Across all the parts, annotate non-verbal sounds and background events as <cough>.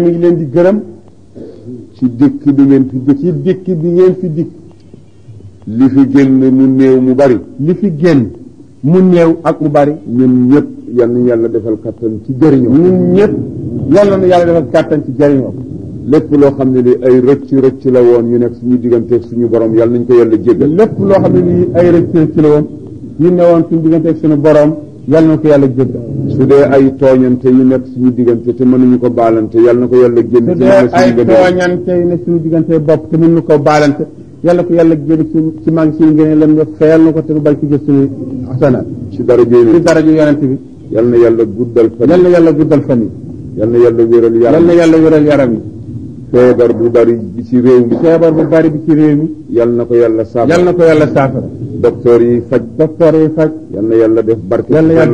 mi ngi leen di gërëm ci dikk bi ngeen fi dikk ci dikk bi ngeen fi dikk li fi génn mu néew mu bari li fi génn mu néew ak mu bari ñun ñëpp yal na yàlla defal kàttan ci jëriñoo ñun ñëpp yal na yàlla defal kàttan ci jëriñoo lépp loo xam ne li ay rëcc rëcc la woon yu nekk suñu digganteeg suñu borom yàlla nañ ko yàlla jéggal lépp loo xam ne li ay rëcc rëcc la woon yu ne woon suñu digganteeg suñu borom yal na ko yàlla jéggal su dee ay tooñante yu nekk suñu diggante te mënuñu ko baalante yal na ko yàlla génn su dee ay tooñante yu nekk suñu diggante bopp te mënuñu ko baalante yal na ko yàlla génn ci ci mag si ngeen lam nga fayal na ko te mu bañ ko jël suñu xasanaat ci daraja yonent bi yal na yàlla guddal fan yal na yàlla guddal fan yi yal na yàlla wéral yaram na yàlla wéral yaram yi feebar bu bari bi si réew mi feebar bu bari bi ci réew na ko yàlla saafara yal na ko yàlla saafara docteur yi faj docteur yi faj yal na yàlla def barki yal na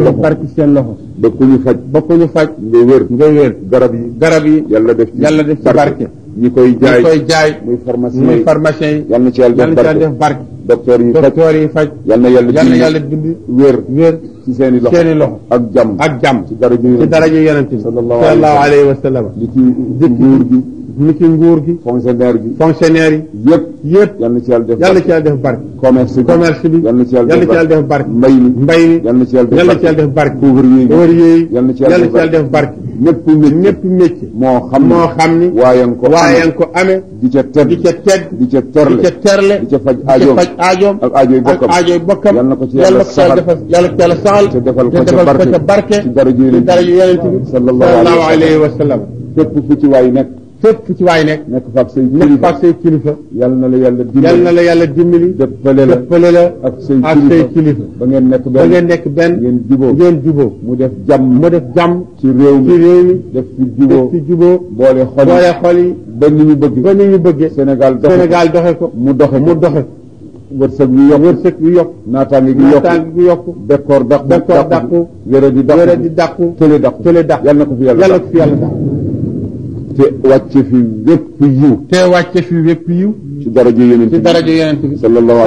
seen loxo ba ku ñu faj ba ku ñu faj nga wér garab yi garab yi yàlla def def ci barke ñi koy jaay ñi koy jaay muy pharmacien muy pharmacien yi yal na ci yàlla def barke docteur yi faj docteur yi faj yal na yàlla yal na yàlla bind wér wér ci seen i loxo seen i loxo ak jàmm ak jàmm ci dara ju yonent bi sallallahu alayhi wa sallam li ni ki nguur gi fonctionnaire bi fonctionnaire yi yëpp yëpp yal na ci yàlla def yal na ci yàlla def barke commerce bi commerce bi yal na ci yàlla def barke mbay mi mbay mi yal na ci yàlla def barke yal na ci yàlla def barke pauvre yooyu yal na ci yàlla def barke ñëpp métier ñëpp métier moo xam moo xam ni waaye nga ko waaye nga ko amee di ca tedd di ca tedd di ca terle di ca terle di ca faj aajoom faj aajoom ak aajoy bokkam ak aajoy bokkam yal na ko ci yàlla saxal yàlla ko ci yàlla saxal te defal ko ca barke ci dara ju yeneen bi sallallahu alayhi wa sallam képp fu ci waay nekk fépp ci waay nekk nekk fa ak say kilifa nekk yal na la yàlla dimbali yal na la yàlla dimbali dëppale la dëppale la ak say ak kilifa ba ngeen nekk benn ngeen nekk benn ngeen juboo ngeen juboo mu def jàmm mu def jàmm ci réew mi ci réew def ci boole xol boole xol ba ni ñu bëgg ba ni ñu bëggee Sénégal doxe Sénégal ko mu doxe mu doxe wërsëg yu yokk wërsëg yu yokk naataange gi yokk yokk bekkoor dàqu bekkoor dàqu wéra di dàqu wéra di dàqu tële dàqu tële dàqu yal na ko fi yàlla yal yàlla te wàcc fi te wàcc fi wépp yiw. ci daraja yonent bi ci daraja yonent bi. sallallahu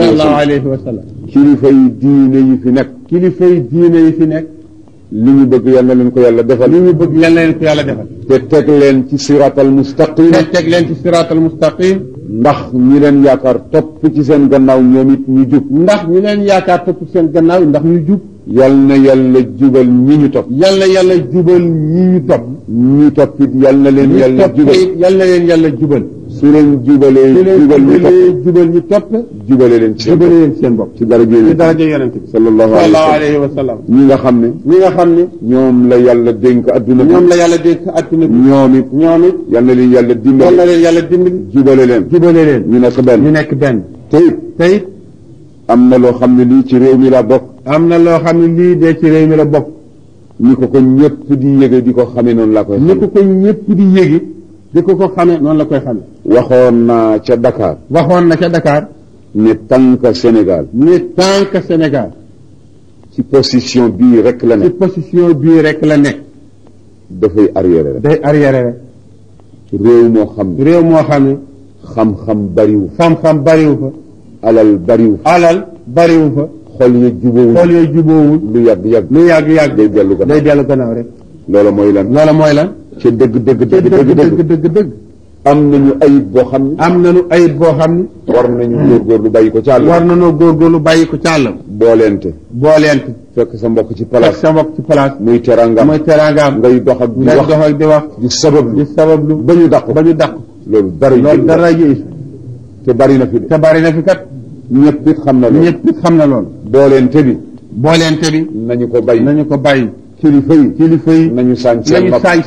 alayhi wa sallam. kilifa yi fi nekk. kilifa yi diine yi fi nekk. li ñu bëgg yal na ko yàlla defal. li ñu bëgg yal leen yàlla defal. te teg leen ci siraatal mustaqim. te teg leen ci siraatal mustaqim. ndax ñi leen yaakaar topp ci seen gannaaw ñoom it ñu jub. ndax ñi leen yaakaar topp ci seen gannaaw ndax ñu jub. yal na yàlla jubal ñi ñu topp yal na yàlla jubal ñi ñu topp ñu topp it yal na leen yàlla jubal yal na leen yàlla jubal su leen jubalee jubal ñu topp jubal ñu topp jubale leen jubale leen seen bopp ci daraja ci daraja yonent bi sallallahu alayhi wa sallam ñi nga xam ne ñi nga xam ne ñoom la yàlla dénk adduna bi ñoom la yàlla dénk adduna bi ñoom it ñoom it yal na leen yàlla dimbali yal na leen yàlla dimbali jubale leen jubale leen ñu nekk benn ñu nekk benn tey tey am na loo xam ne lii ci réew mi laa bokk am na loo xam ne lii dee ci réew mi la bokk ni ko ko ñëpp di yëge di ko xamee noonu laa koy xamee ni ko ko ñëpp di yëge di ko ko xamee noonu la koy xamee waxoon na ca Dakar waxoon na ca Dakar ne tànk Sénégal ne tànk Sénégal ci position bii rek la nekk ci position bii rek la nekk dafay arriéré rek day arriéré rek réew moo xam ne réew moo xam xam-xam bariwu fa alal bariwu fa alal bariwu fa xol yu jubóowul xol yooyu jubóowul lu yàgg yàgg lu yàgg yàgg day dellu gannaaw day dellu gannaaw rek loola mooy lan loola mooy lan ci dëgg dëgg dëgg dëgg dëgg dëgg dëgg am nañu ayib boo xam ne am nañu ayib boo xam ne war nañu góorgóorlu bàyyi ko càll war nañoo góorgóorlu bàyyi ko càllam booleente booleente fekk sa mbokk ci place fekk sa mbokk ci place muy teraangaam muy teraangaam ngay dox ak di wax dox ak di wax di sabablu di sabablu ba ñu dàq ba ñu dàq loolu dara loolu dara yi te bari na fi te bari na fi kat ñëpp it xam na loolu ñëpp it xam na loolu booleente bi. booleente bi. nañu ko nañu ko bay. kilifa yi kilifa yi. nañu saañ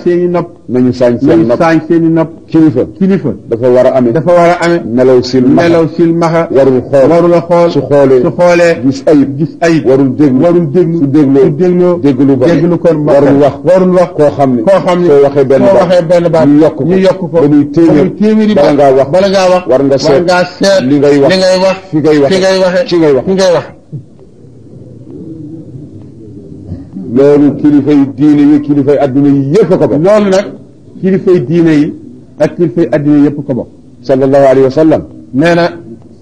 seen nopp nañu saañ seen i nopp. nañu saañ seen i nopp nañu saañ seen kilifa kilifa. dafa war a amee dafa war a amee. melaw silmaxa melaw silmaxa. warul xool warul xool. su xoolee xoolee. gis ayib gis ayib. warul déglu warul déglu su dégloo su dégloo. déglu ba déglu kon ma warul wax warul wax. koo xam ne koo xam ne soo waxee benn baat soo yokk ñu yokk ko. ba muy téeméer bala ngaa wax bala war nga seet li ngay wax li ngay wax fi ngay waxee ci ngay wax. loolu kilifay diine yi kilifay adduna yi yëpp ko bokk. loolu nag kilifay diine yi ak kilifay adduna yi yëpp ko bokk. sallallahu alayhi wa sallam. nee na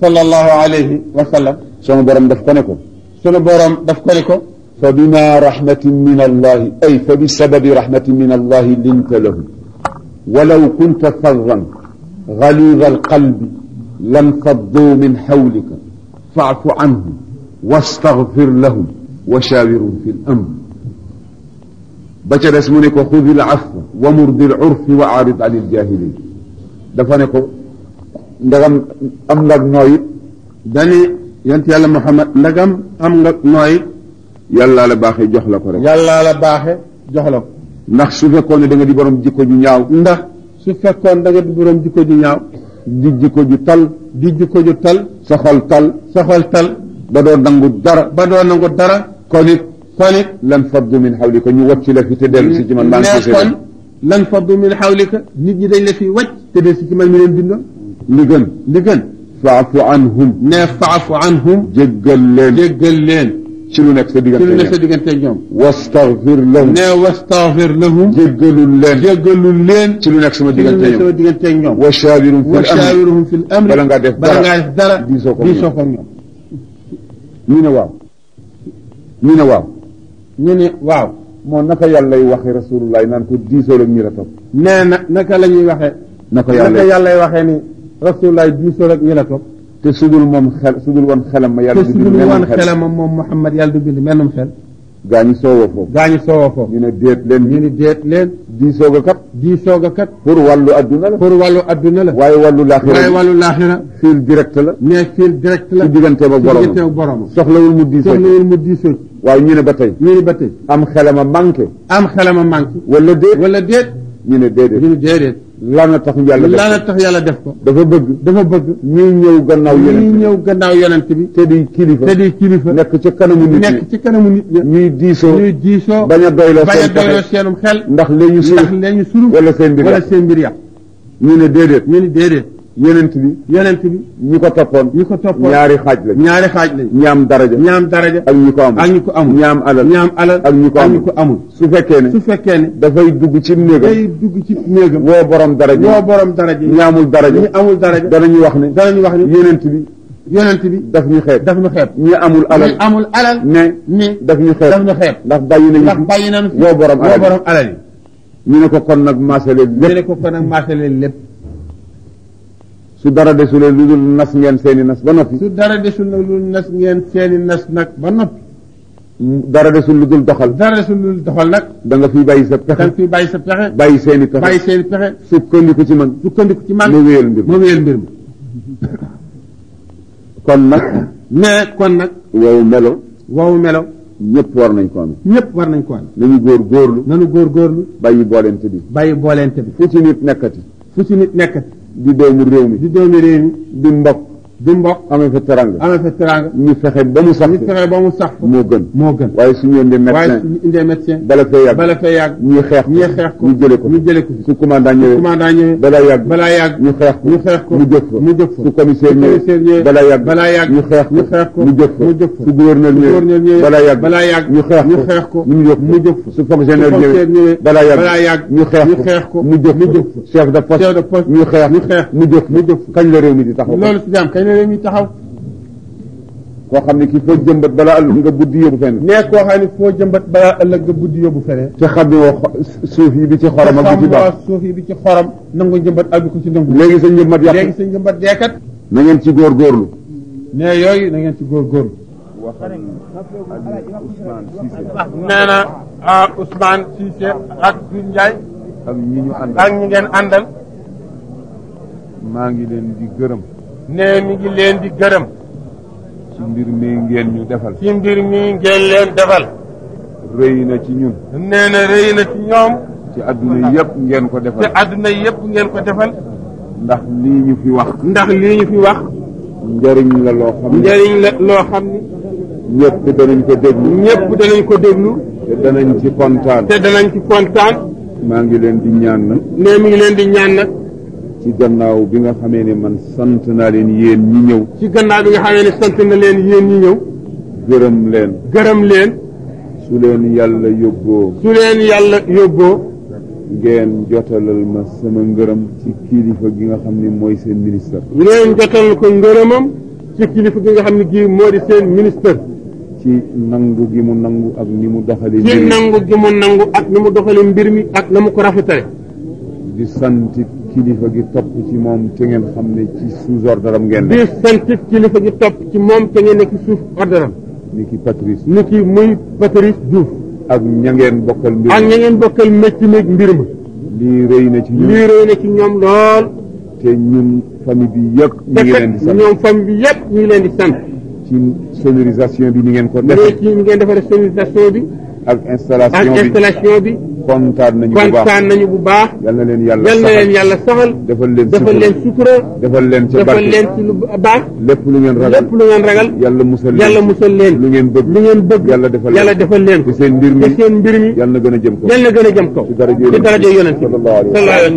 sallallahu alayhi wa sallam. sunu borom daf ko ne ko. sunu borom daf ko ne ko. fa bima rahmatin min allahi ay fa bi sababi rahmatin min allahi linta lahu walaw kunta faddan غليظ القلب لانفضوا من حولك فاعف عنهم واستغفر لهم وشاورهم في الامر ba ca des mu ne ko xudil afwa wamur bil urfi wa arid anil jahilin dafa ne ko ndagam am nga nooy it yàlla Muhammad ndagam am nga nooy yàllaa la baaxee jox la ko rek. yàllaa la baaxe jox la ko. ndax su fekkoon ne da di borom jikko ju ñaaw. ndax su fekkoon da nga di borom jikko ju ñaaw. di jikko ju tal. di jikko ju tal. sa tal. sa xol tal. ba doo nangu dara. ba doo nangu dara. kon kon it lan faddu min xawlika ñu wàcc la fi te dellu si ci man maa ngi kon lan faddu min xawlika nit ñi dañ la fi wàcc te dellu si ci man mi leen bindoon li gën li gën faafu anhum ne faafu anhum jéggal leen jéggal leen ci lu nekk sa diggante ci lu nekk sa diggante ñoom wastaghfir lahum ne wastaghfir lahum jéggalul leen jéggalul leen ci lu nekk sama diggante ñoom sama diggante ñoom wa shaawiruhum fil amri wa shaawiruhum fil amri bala ngaa def dara bala ngaa def dara diisoo ko ñoom ñu ne waaw ñu ne waaw ñu ni waaw moo naka yàllay waxe rasulullah naan ko diisool ak ñi la topp nee na naka la ñuy waxee naka yàllay waxee ni rasulullah diisool ak ñi la topp te sudul moom xel sudul woon xelam ma yàlla te sudul woon xelam moom Muhammad yàlla du bind mennum xel gaañu soowoo foofu gaañu soowoo foofu ñu ne déet leen ñu ne déet leen diisoo ga kat diisoo ga kat pour wàllu adduna la pour wàllu adduna la waaye wàllu laaxira waaye wàllu laaxira fil direct la mais fil direct la ci diggante ba borom soxlawul mu diisoo soxlawul mu diisoo waaye ñu ne ba tey ñu ne ba tey am xelama manqué am xelama manqué wala déet wala déet ñu ne déedéet ñu ne déedéet lan la tax yàlla def tax yàlla def ko dafa bëgg dafa bëgg ñuy ñëw gannaaw yonent ñëw gannaaw yonent bi te di kilifa te di kilifa nekk ci kanamu nit ñi nekk ci kanamu nit ñi ñuy diisoo ñuy a doyloo bañ a seenum xel ndax léegi suru ndax léegi suru wala seen bi yàq ñu ne déedéet ñu ne déedéet yonent bi yonent bi ñi ko toppoon ñi ko toppoon ñaari xaaj lañ ñaari xaaj lañ ñaam daraja ñaam daraja ak ñu ko amul ak ñi ko amul ñaam alal ñaam alal ak ñu ko amul ko amul su fekkee ne su fekkee ne dafay dugg ci néegam dugg ci néegam woo borom daraja woo borom daraja ñi amul daraja ñi amul daraja danañu wax ne danañu wax ne yonent bi yonent bi daf ñu xeeb daf ñu xeeb ñi amul alal amul alal ne ni daf ñu xeeb daf ndax bàyyi nañu ndax bàyyi nañu woo borom alal woo borom yi ñu ne ko kon nag maasale lépp ñu ko kon nag maasale lépp su dara desulee lu dul nas ngeen seeni nas ba noppi. su dara desul nag lu dul ngeen seeni nas nag ba noppi. dara desul lu dul doxal. dara desul lu dul doxal nag. da nga fiy bàyyi sa pexe. da nga fiy bàyyi pexe. bàyyi seeni pexe bàyyi seeni pexe. sukkandiku ci man. sukkandiku ci man ma wéyal mbir ma ma wéyal mbir <laughs> kon nag. mais kon nag. wow melo. wow melo. ñëpp war nañ ko am. ñëpp war nañ ko am. nañu góor góorlu. nañu góor góorlu. bàyyi booleente bi. bàyyi booleente bi. fu ci nit nekkati. fu ci nit nekk di doomu réew mi di doomu réew mi di mbokk di mboq amee fa teranga amee fa ñu fexe ba mu ba mu sax moo gën moo gën waaye suñu indee médecin waaye suñu indee médecin bala fee ñu xeex ñu ko ñu jële ko ñu jële ko su commandant ñëwee commandant ñëwee balaa yàgg ñu xeex ko ñu mu jëf mu jëf ko su commissaire ñëwee balaa yàgg balaa yàgg ñu xeex ñu xeex ko mu jëf ko mu jëf ko su gouverneur ñëwee balaa yàgg balaa yàgg ñu xeex ñu xeex ko mu jëf mu jëf ko su fonctionnaire ñëwee balaa yàgg xeex ñu xeex ko mu jëf mu jëf chef de poste ñu xeex ñu mu jëf mu jëf kañ la réew di taxaw ne dañuy taxaw. koo xam ne ki foo jëmbat balaa ëllëg nga buddi yóbbu feneen. nee koo xam ne foo jëmbat balaa ëllëg nga buddi yóbbu feneen. te xam ne suuf yi bi ci xorom ak bi ci baax suuf yi bi ci xorom nangu jëmbat ak bi ko ci nangu. léegi sa njëmbat yàq léegi sa njëmbat deekat. na ngeen ci góorgóorlu. nee yooyu na ngeen ci góorgóorlu. nee na Ousmane Cissé ak Doudou Ndiaye. ak ñi ñu àndal ak ñi ngeen àndal. maa ngi leen di gërëm. nee mi ngi leen di gërëm. ci mbir mi ngeen ñu defal. ci mbir mi ngeen leen defal. rëy na ci ñun. nee na rëy na ci ñoom. ci àdduna yëpp ngeen ko defal. àdduna yëpp ngeen ko defal. ndax lii ñu fi wax. ndax lii ñu fi wax. njëriñ la loo xam ne njëriñ la loo xam ne. ñëpp danañ ko déglu. ñëpp danañ ko déglu. te danañ ci kontaan. te danañ ci kontaan. maa ngi leen di ñaan nag. nee mi ngi leen di ñaan nag. ci gannaaw bi nga xamee ni man sant naa leen yéen ñi ñëw ci gannaaw bi nga na leen yéen ñi ñëw gërëm leen gërëm leen su leen yàlla yóbboo su leen yàlla yóbboo ngeen jotalal ma sama ngërëm ci kilifa gi nga xam ne mooy seen ministre ngeen jotalal ko ngërëmam ci kilifa gi nga xam ne gii moo di seen ministre ci nangu gi mu nangu ak ni mu doxali mbir mi ci nangu gi mu nangu ni mu doxali mbir mi ak na mu ko rafetale di santit kilifa gi topp ci moom te ngeen xam ne ci sous ordre am ngeen. di sant kilifa gi topp ci moom te ngeen nekk suuf ordre am. ni ki Patrice. ni ki muy Patrice Diouf. ak ña ngeen bokkal mbir ak ña ngeen bokkal métti meeg mbir ma. lii rëy na ci ñoom lii rëy na lool. te ñun famille bi yëpp. ñu ngi leen di sant bi yëpp ñu ngi leen di sant. ci sonorisation bi ni ngeen ko defee. léegi ñu ngeen defaree sonorisation bi. ak installation bi ak installation bi. kontaan nañu bu baax kontaan nañu bu baax. yal na leen yàlla saxal yal na leen yàlla saxal. defal leen sutura defal leen sutura. defal leen ca barke leen ci lu baax. lépp lu ngeen ragal yal lu ngeen ragal. yàlla musal leen yàlla musal lu ngeen bëgg lu ngeen bëgg. yàlla defal leen yàlla defal leen. te seen mbir mi te seen mi. yal na gën a jëm kaw yal na gën a jëm kaw. ci daraja yonent bi sallallahu alayhi wa sallam